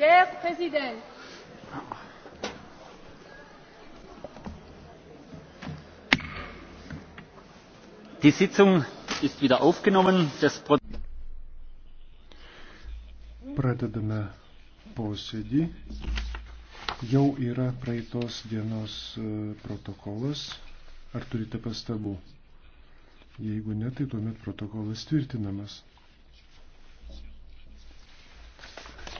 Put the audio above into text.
Der Präsident. Die Sitzung ist wieder aufgenommen. Das Pradedame posėdį. Jau yra praeitos dienos e, protokolas. Ar turite pastabų? Jeigu ne, tai tuomet protokolas tvirtinamas.